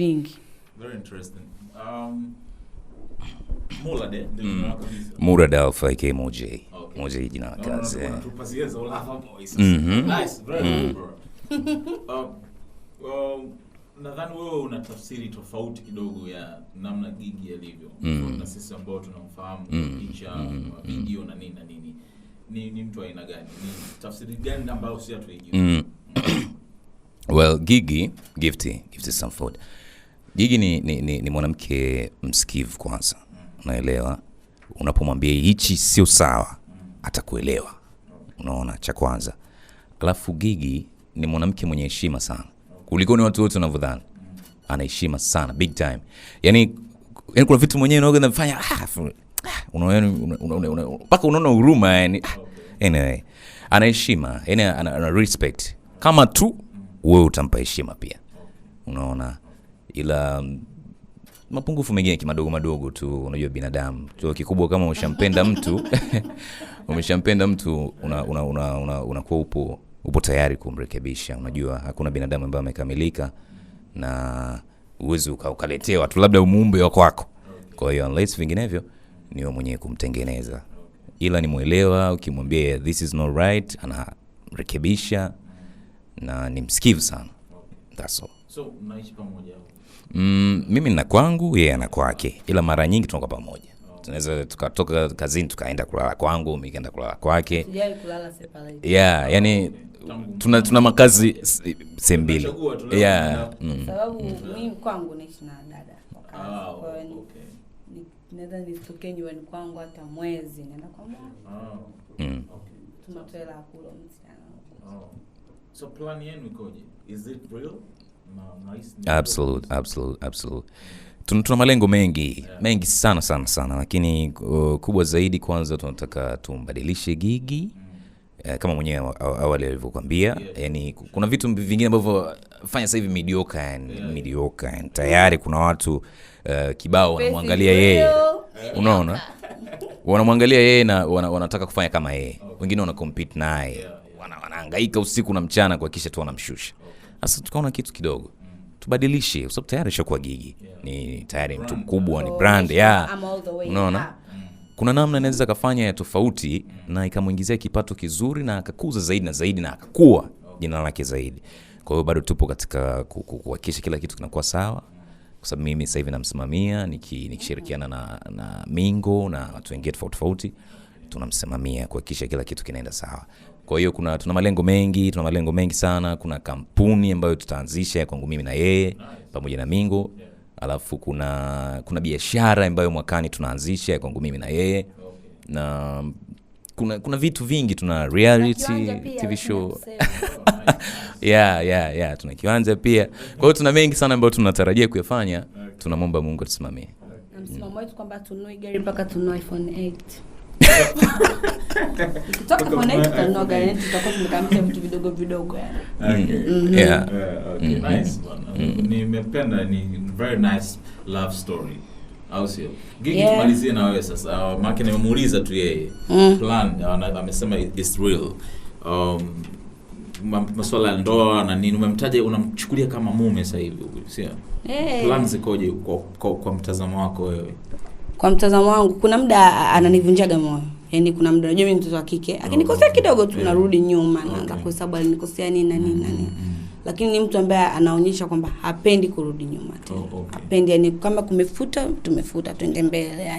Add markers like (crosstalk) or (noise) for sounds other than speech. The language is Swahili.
vingi. Um, mm. jina la kazi. Mhm. Mm. (laughs) Um, nadhani wewe una tafsiri tofauti kidogo ya namna gigi yalivyo mm. na sisi ambao tunamfahamu mm. picha mm. mm. video na nini na nini ni, ni mtu aina gani ni tafsiri gani ambayo si mm. (coughs) well gigi gifty gifty Sanford Gigi ni, ni, ni, ni mwanamke msikivu kwanza, unaelewa. Unapomwambia hichi sio sawa, atakuelewa, unaona, cha kwanza. Alafu Gigi ni mwanamke mwenye heshima sana kuliko ni watu wote wanavyodhani. Ana heshima sana big time, yani, yani kuna vitu mwenyewe unaoga nafanya ah, ah, yaani, mpaka unaona huruma yani. Ah, anyway, ana heshima yani, ana respect kama tu wewe utampa heshima pia, unaona ila mapungufu mengine kimadogo madogo tu, unajua binadamu. So kikubwa kama umeshampenda mtu (laughs) umeshampenda mtu unakuwa una, una, una upo upo tayari kumrekebisha. Unajua hakuna binadamu ambaye amekamilika na uwezi ukaletea watu labda umuumbe wa kwako. Kwa hiyo unless vinginevyo ni wewe mwenyewe kumtengeneza, ila ni Ukimwambia this is not right, anarekebisha na ni msikivu sana, that's all. So mnaishi pamoja? Mm, mimi na kwangu yeye yeah, ana kwake, ila mara nyingi tunakuwa pamoja oh. tunaweza tukatoka kazini tukaenda kulala kwangu, mimi kaenda kulala kwake. Yeah, yani tuna tuna makazi sehemu mbili. Yeah. Mm. Sababu mm. mimi kwangu naishi na dada. Ah, naweza kwangu hata mwezi, naenda kwa mama. Ah, mm. kula oh. So plan yenu ikoje? Is it real? absolute, absolute, absolute. Tuna malengo mengi yeah, mengi sana sana sana, lakini uh, kubwa zaidi, kwanza tunataka tumbadilishe Gigi mm, uh, kama mwenyewe awali alivyokwambia yeah. Yani kuna vitu vingine ambavyo fanya sasa hivi midioka yani, yeah. midioka yani, tayari kuna watu uh, kibao wanamwangalia yeye, unaona (laughs) wanamwangalia yeye na wana, wanataka kufanya kama yeye okay. Wengine wana naye yeah, wanaangaika Wanahangaika usiku na mchana kuhakikisha tu wanamshusha okay. Sasa tukaona kitu kidogo tubadilishe, kwa sababu tayari ishakuwa gigi, ni tayari mtu mkubwa, ni brand ya Unaona, mm. kuna namna inaweza kafanya ya tofauti na ikamwingizia kipato kizuri na akakuza zaidi na zaidi na akakuwa jina lake zaidi. Kwa hiyo bado tupo katika kuhakikisha kila kitu kinakuwa sawa, kwa sababu mimi sasa hivi namsimamia nikishirikiana na, na Mingo na watu wengine tofauti tofauti tunamsimamia kuhakikisha kila kitu kinaenda sawa. Kwa hiyo kuna tuna malengo mengi, tuna malengo mengi sana. Kuna kampuni ambayo tutaanzisha kwangu mimi na yeye pamoja na Mingo, alafu kuna kuna biashara ambayo mwakani tunaanzisha kwangu mimi na yeye na kuna kuna vitu vingi, tuna reality TV show (laughs) yeah, yeah, yeah, tuna kiwanja pia. Kwa hiyo tuna mengi sana ambayo tunatarajia kuyafanya, tunamwomba Mungu atusimamie. Msimamo wetu kwamba gari mpaka iPhone 8 tukitoka vidogo vidogo nimependa ni very nice love story au sio yeah. sasa uh, nimemuuliza tu yeye mm. plan uh, amesema is real um, masuala ya ndoa na nini umemtaja unamchukulia kama mume sahivi hey. Eh. plan zikoje kwa, kwa, kwa mtazamo wako wewe kwa mtazamo wangu kuna muda ananivunjaga moyo yani kuna muda najua mimi mtoto wa kike akinikosea kidogo tu narudi nyuma okay. naanza kuhesabu alinikosea nini na nini na nini mm, mm, mm. lakini ni mtu ambaye anaonyesha kwamba hapendi kurudi nyuma tena oh, okay. hapendi yani kama kumefuta tumefuta tuende mbele yani.